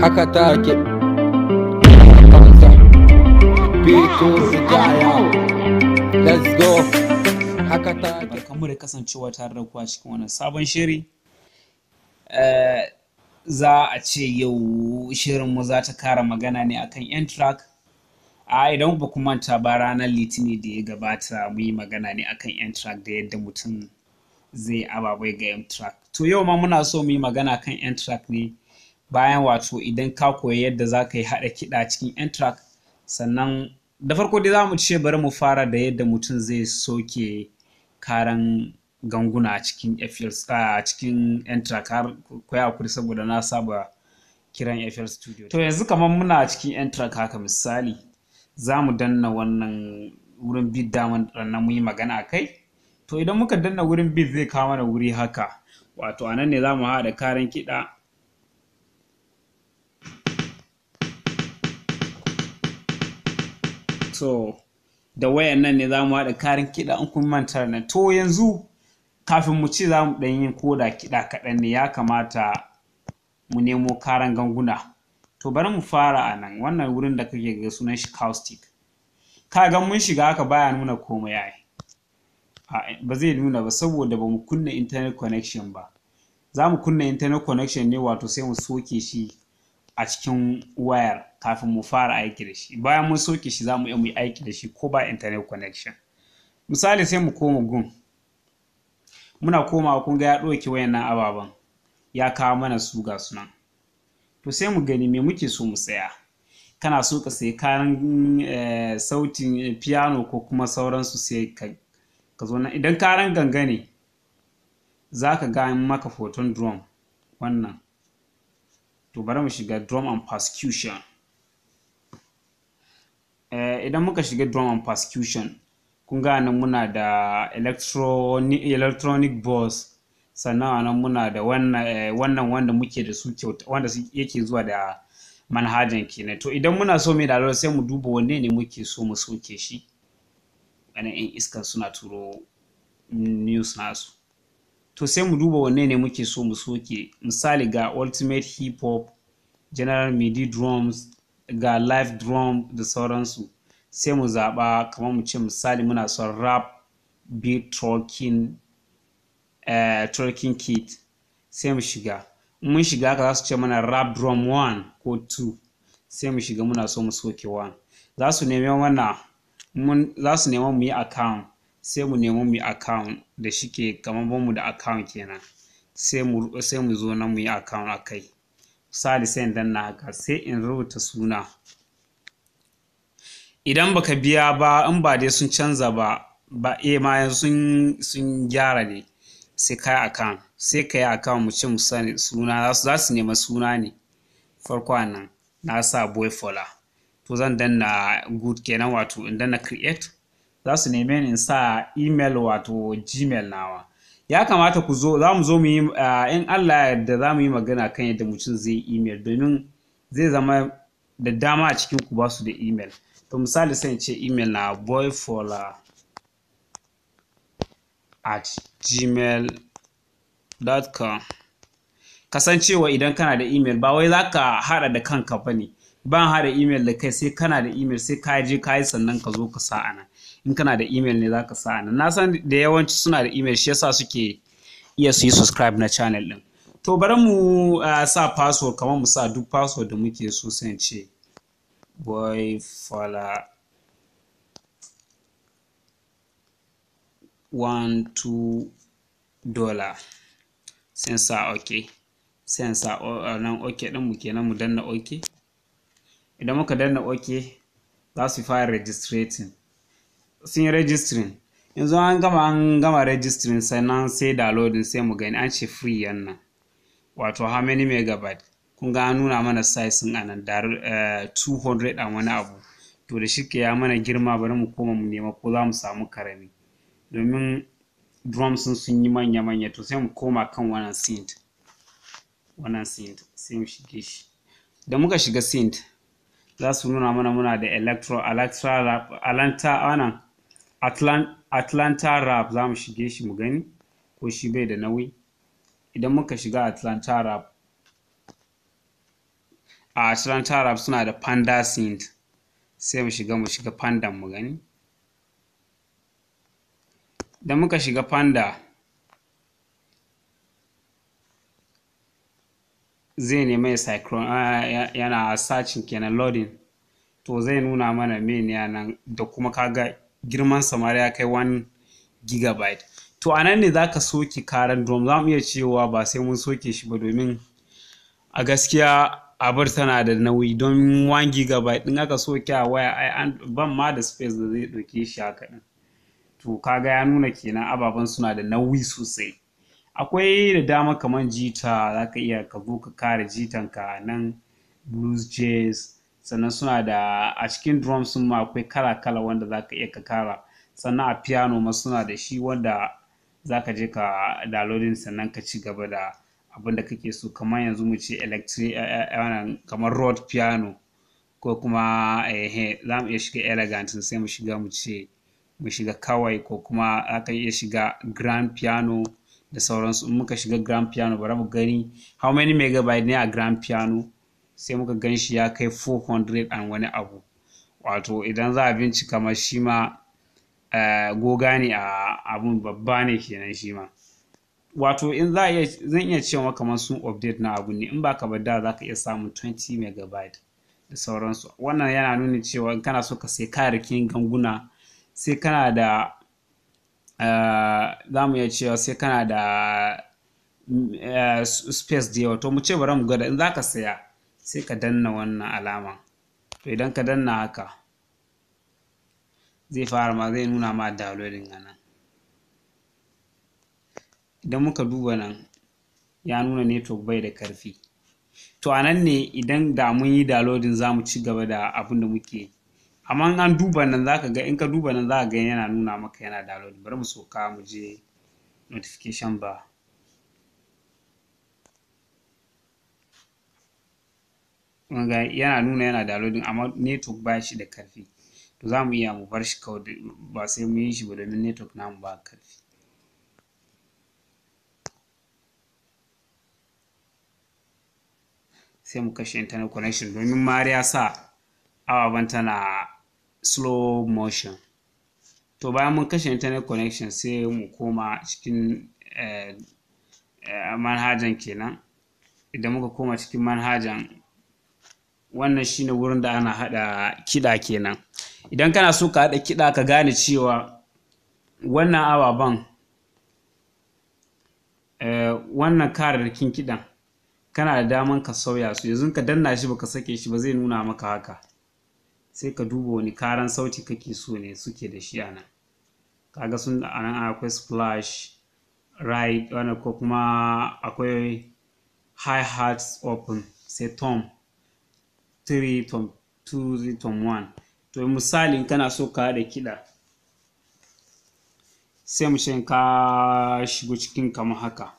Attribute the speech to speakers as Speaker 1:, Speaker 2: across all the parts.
Speaker 1: haka take let's go haka ke barkamu da kasancewa tare da kuwa cikin wannan sabon shiri eh, za a ce yau shirinmu za ta kara magana ne akan kan track a idan ba ku manta ba ranar litini da ya gabata mu yi magana ne akan yan track da yadda mutum zai ababai ga track to yau ma muna so mu yi magana kan yan track ne bayan wato idan ka koyi yadda za ka yi haɗa kiɗa cikin yan sannan da farko dai za mu ce bari mu fara da yadda mutum zai soke karan ganguna a cikin a cikin yan har koya kuri saboda na saba kiran FL Studio. To yanzu kamar muna cikin yan haka misali za mu danna wannan wurin bid daman rannan mu yi magana a kai. To idan muka danna wurin bid zai kawo mana wuri haka wato anan ne za mu haɗa karan kiɗa so da wayan nan ne za mu haɗa karin kiɗa in kun manta na to yanzu kafin mu ci za mu ɗan yin da kiɗa kaɗan ne ya kamata mu nemo karan ganguna to bari mu fara a nan wannan wurin da kake ga sunan shi caustic ka ga mun shiga haka baya nuna komai ai ba zai nuna ba saboda ba mu kunna internet connection ba za mu kunna internet connection ne wato sai mu soke shi a cikin wayar kafin mu fara aiki da shi bayan mun soke shi za mu iya mu aiki da shi ko ba internet connection misali sai mu koma gun muna komawa kun ga ya ɗauke nan ababen ya kawo mana su ga sunan to sai mu gani me muke so mu tsaya kana so ka sai kayan eh, sautin piano ko kuma sauransu sai ka zo nan idan karan ganga ne za ka ga maka hoton drum wannan to bari mu shiga drum and percussion eh, idan muka shiga drum and percussion kun ga nan muna da electronic, electronic boss sannan nan muna da eh, wannan wanda muke da su wanda yake zuwa da manhajan kenan to idan muna so mai da sai mu duba wanne ne muke so mu soke shi wani 'yan iska suna turo news nasu to sai mu duba wanne ne muke so mu soke misali ga ultimate hip hop general midi drums ga live drum da sauransu sai mu zaɓa kamar mu ce misali muna son rap beat talking uh, eh, talking kit sai mu shiga mun shiga ka za su ce mana rap drum 1 ko 2 sai mu shiga muna so mu soke 1 za su nemi mun za su nema mu yi account sai mu nemo mu yi account da shike kamar mu da account kenan sai mu sai mu zo nan mu yi account akai misali sai in danna haka sai in rubuta suna idan baka biya ba in ba dai sun canza ba ba eh ma sun sun gyara ne sai kai account sai kai account mu ce mu sani suna za su nema suna ne farko nan na sa boy fola to zan danna good kenan wato in danna create za su neme ni in sa email wato gmail nawa ya kamata ku zo za mu zo mu yi ah, in Allah da za mu yi magana kan yadda mutum zai yi email domin zai zama da dama a cikin ku basu da email to misali sai ce email na boyfola at gmail.com kasancewa idan kana da email ba wai za ka hada da kanka ba ne ban hada email da kai sai kana da email sai ka je ka yi sannan ka zo ka sa nan. in kana da email ne zaka sa nan na san da yawanci suna da email shi yasa suke iya su yi subscribe na channel din to bari mu uh, sa password kamar mu sa duk password da muke so sai ce boy fala one two dollar sai sa okay sa uh, nan ok din mu kenan mu danna ok idan muka danna ok za su fara registrating sun yi registering yanzu an gama an gama registering sannan sai downloading sai mu gani an ce free yannan wato how many megabyte kun ga an nuna mana size sun anan da 200 eh, a wani abu to da shike ya mana girma bari mu koma mu nema ko za mu samu karami domin drums sun yi manya manya to sai mu koma kan wannan synth wannan synth sai mu shige shi da muka shiga synth za su nuna mana muna da electro alanta wannan Atlanta rap za mu shige shi mu gani ko shi bai da nauyi idan muka shiga Atlanta rap a Atlanta rap suna da panda synth sai mu shiga mu shiga panda mu gani idan muka shiga panda zai nemi cyclone yana searching kenan loading to zai nuna mana mene nan da kuma kaga girman samari ya kai 1 gigabyte to a nan ne za ka soke karan dom za mu iya cewa ba sai mun soke shi ba domin a gaskiya abar tana da nauyi don 1 gigabyte din aka soke a waya ai ban ma da space da zai dauke shi haka din to kaga ya nuna kenan ababen suna da nauyi sosai akwai da dama kamar jita za ka iya ka zo ka kare ka nan blues jazz sannan suna da a cikin drums sun akwai kala-kala wanda za ka iya ka kara sannan a piano ma suna da shi wanda za ka je ka downloadin sannan ka ci gaba da abin da kake so kamar yanzu mu ce electric eh, eh, eh, kamar road piano ko kuma eh, za mu iya shiga elegant sai mu shiga mu ce mu shiga kawai ko kuma za ka iya shiga grand piano da sauransu in muka shiga grand piano bara mu gani how many megabyte ne a grand piano sai muka gan shi ya kai 400 an wani abu wato idan za a bincika ma shi ma eh, goga ne a abun babba ne kenan shi ma wato in za iya zan iya cewa kamar sun update na abu ne in ba ka da za ka iya samun 20 megabyte da sauransu wannan yana nuna cewa in kana so ka sai kayayyakin ganguna sai kana da eh, za mu iya cewa sai kana da eh, space da yawa to mu ce bari mu gada in za ka saya sai ka danna wannan alama. to idan ka danna haka zai fara ma zai nuna ma downloading a nan idan muka duba nan ya nuna network bai da karfi to a nan ne idan da mun yi downloading za mu ci gaba da abin da muke amma an duba nan za ga in ka duba nan za ka ga yana nuna maka yana downloading bari mu soka mu je notification ba. yana nuna yana loading amma network ba shi da karfi to za mu iya mu bar shi kawai ba sai mu yi shi ba domin network mu ba karfi sai mu kashe internet connection domin mari ya sa ban tana slow motion to bayan mun kashe internet connection sai mu koma cikin eh, eh, manhajan kenan idan muka koma cikin manhajan wannan shine wurin da ana hada kida kenan idan kana so ka hada kida ka gane cewa wannan ababen eh, wannan kararrakin kiɗan kana da daman ka sauya su yanzu ka danna shi baka sake shi ba zai nuna maka haka sai ka duba wani karan sauti kake so ne suke da shi a nan kaga sun da anan akwai splash right wani ko kuma akwai high hearts open sai tom 3 tom 2 tom to misali kana so ka da kiɗa sai mu ka shigo cikin kama haka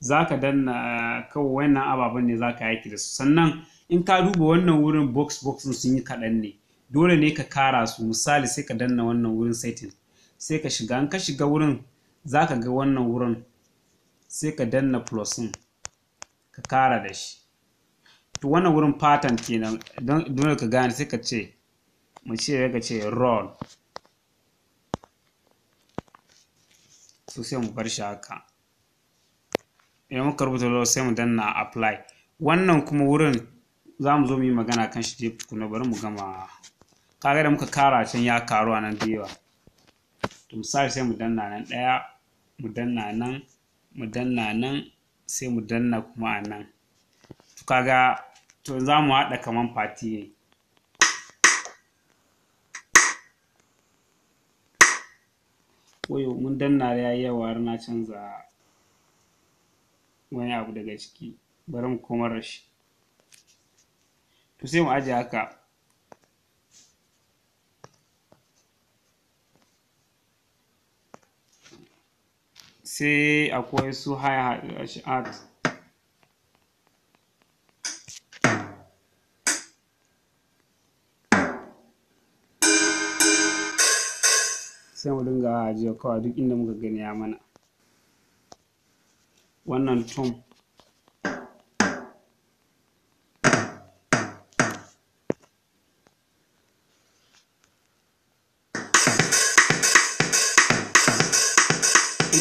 Speaker 1: za ka danna eh, kawai wannan ababen ne za ka yaki da su sannan in ka duba wannan wurin box box sun yi kaɗan ne dole ne ka kara su misali sai ka danna wannan wurin setting sai ka shiga in ka shiga wurin za ka ga wannan wurin sai ka danna plus ka kara da shi to wannan wurin pattern kenan don dole ka gane sai ka ce mu ce ka ce roll so sai mu bar shi haka idan muka rubuta roll sai mu danna apply wannan kuma wurin za mu zo mu yi magana kan shi jefi tukuna bari mu gama kaga da muka kara can ya karu nan da yawa to misali sai mu danna nan ɗaya mu danna nan mu danna nan sai mu danna kuma a nan kaga to za mu haɗa kaman fati ne koyo mun danna ya yi yawa har na canza wani abu daga ciki bari mu koma da to sai mu ajiye haka sai akwai su a art sai mu dinga ajiye kawa duk inda muka gani ya mana wannan tom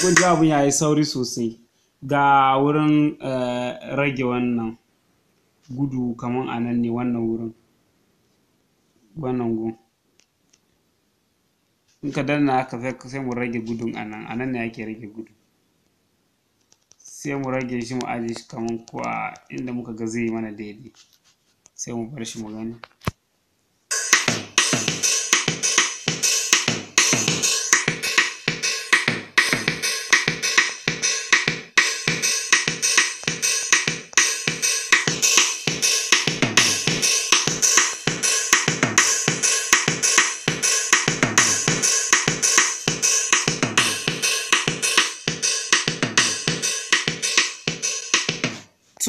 Speaker 1: kun ji ya yayi sauri sosai ga wurin eh, rage wannan gudu kamar a nan ne wannan wurin wannan gun in ka danna haka sai mu rage gudun a nan a nan ne ake rage gudu sai mu rage shi mu ajiye shi kaman ko a inda muka ga zai mana daidai sai mu bar shi mu gani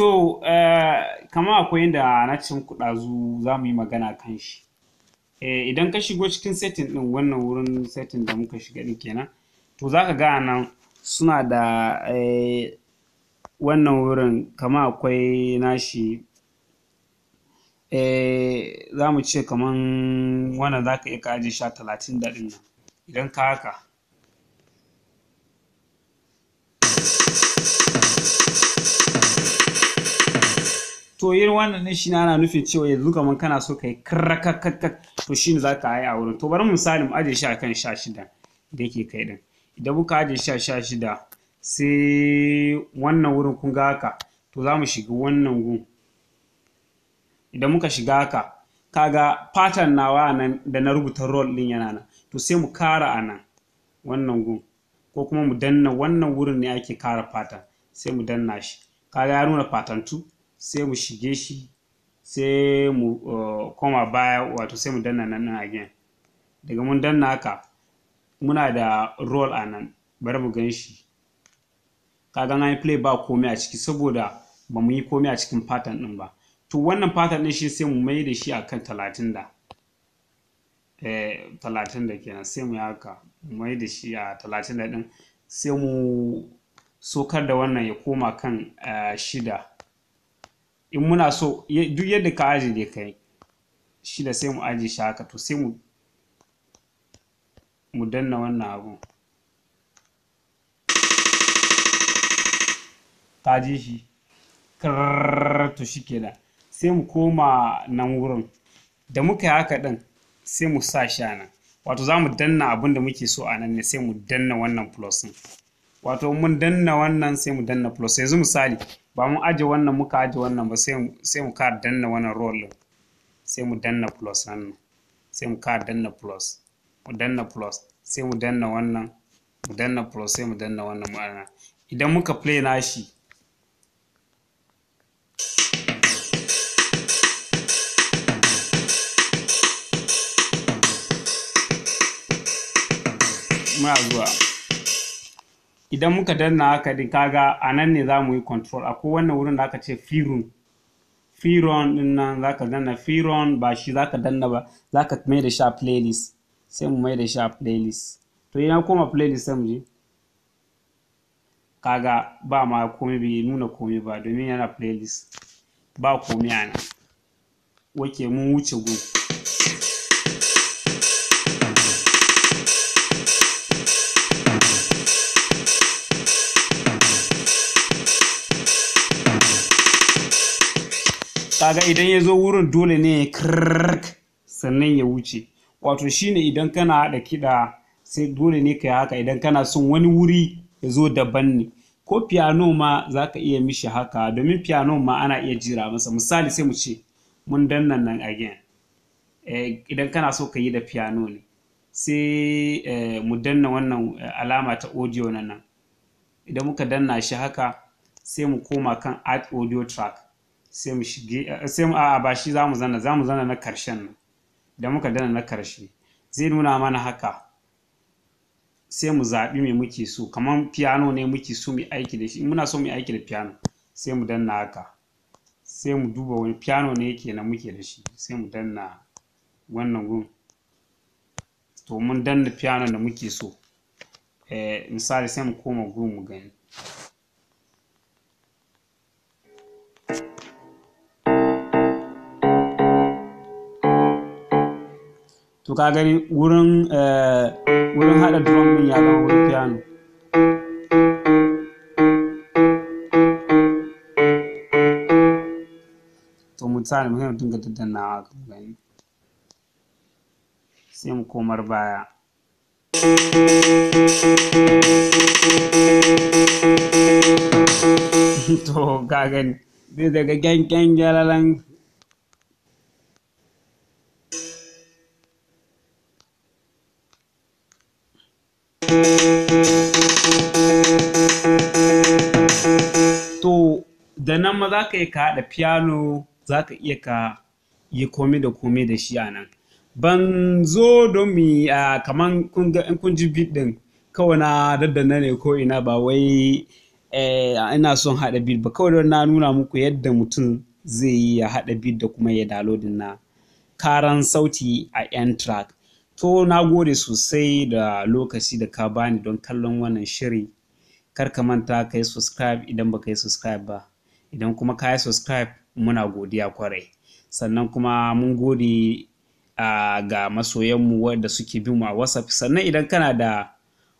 Speaker 1: So, uh, kama akwai yadda na cin kudazu za mu yi magana kan shi. Eh, idan ka shigo cikin setting ɗin wannan wurin setting da muka shiga ɗin kenan, to za ka ga nan suna da eh, wannan wurin kama akwai nashi eh, za mu ce kaman wannan za ka iya kaje sha talatin da nan idan ka haka to yin wannan ne na ana nufin cewa yanzu kaman kana so ka yi krakakakak to shi ne za ka yi a wurin to bari misali mu aje shi kan sha shida da yake kai din idan muka aje shi a sha shida sai wannan wurin kun ga haka to za mu shiga wannan gun idan muka shiga haka kaga pattern nawa nan da na rubuta roll din yana nan to sai mu kara a nan wannan gun ko kuma mu danna wannan wurin ne ake kara pattern sai mu danna shi kaga ya nuna pattern 2 sai mu shige shi sai mu eh, koma baya wato sai mu danna nan again daga mun danna haka muna da roll a nan bari mu gan shi kaga an play ba komai a ciki saboda ba mu yi komai a cikin pattern din ba to wannan pattern din shi sai mu mai da shi akan 30 da eh talatin da kenan sai mu haka mu mai da shi a talatin da din sai mu sokar da wannan ya koma kan eh, shida in muna so duk yadda ka aji ne kai shi da sai mu aji shi haka to sai mu mu danna wannan abu Ta ji shi to shi ke da, sai mu koma nan wurin da muka yi haka ɗan sai mu sa shi nan wato za mu danna abin da muke so a nan ne sai mu danna wannan plus wato mun danna wannan sai mu danna plus yanzu misali ba mun aje wannan muka aje wannan ba sai mu kara danna wannan role sai mu danna plus wannan sai mu kara danna plus mu danna plus sai mu danna wannan mu danna plus sai mu danna wannan ma'ana idan muka play nashi muna zuwa idan muka danna haka din kaga a nan ne za mu yi control ko wannan wurin da aka ce firon firon din nan za ka danna firon ba shi za ka danna ba za ka mai da sha playlist sai mu mai da sha playlist to ina koma playlist sai mu je kaga ba ma komai bai nuna komai ba domin yana playlist ba komai a wake mun wuce gun kaga idan ya zo wurin dole ne ya kirk sannan ya wuce wato shine idan kana haɗa kiɗa sai dole ne ka yi haka idan kana son wani wuri ya zo daban ne ko piano ma za ka iya mishi haka domin piano ma ana iya jira masa misali sai mu ce mun danna nan again eh, idan kana so ka yi da piano ne sai eh, mu danna wannan eh, alama ta audio na nan idan muka danna shi haka sai mu koma kan art audio track sai mu shige sai mu a'a ba shi zamu zanna zamu zanna na karshen nan da muka dana na karshe zai nuna mana haka sai mu zaɓi me muke so kamar piano ne muke so mu aiki da shi in muna so mu aiki da piano sai mu danna haka sai mu duba wani piano ne na muke da shi sai mu danna wannan gun to mun danna piano da muke so eh, misali sai mu koma gun mu gani to ka gani wurin eh, wurin hada drum din ya zama wurin piano to mu tsara muhimmin hanyar dinga daddannawa ka gani sai mu komar baya to ka gani zai daga gyan gyan gyalalan ma za ka iya ka haɗa piano za ka iya ka yi komai da komai da shi a nan ban zo don mu a kaman in kun ji beat din kawai na daddana ne ko ina ba wai eh, ina son haɗa beat ba kawai don na nuna muku yadda mutum zai yi ya haɗa beat da kuma ya downloading na karan sauti a yan track to na gode sosai da lokaci da ka bani don kallon wannan shiri kar ka manta ka yi subscribe idan ba ka yi subscribe ba idan kuma ka yi subscribe muna godiya kwarai sannan kuma mun gode uh, ga masoyanmu wadda suke bin mu a whatsapp sannan idan kana da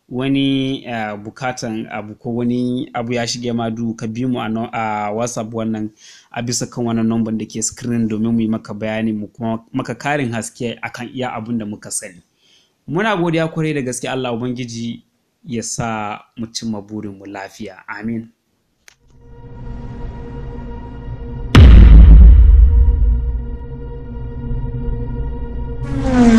Speaker 1: wani uh, bukatan abu ko wani abu ya shige ma du ka bi mu a uh, whatsapp wannan a bisa kan wannan number da ke screen domin mu yi maka bayani mu kuma maka karin haske akan iya abun da muka sani muna godiya kwarai da gaske Allah ubangiji ya sa mu cimma burin mu lafiya amin Mm-hmm.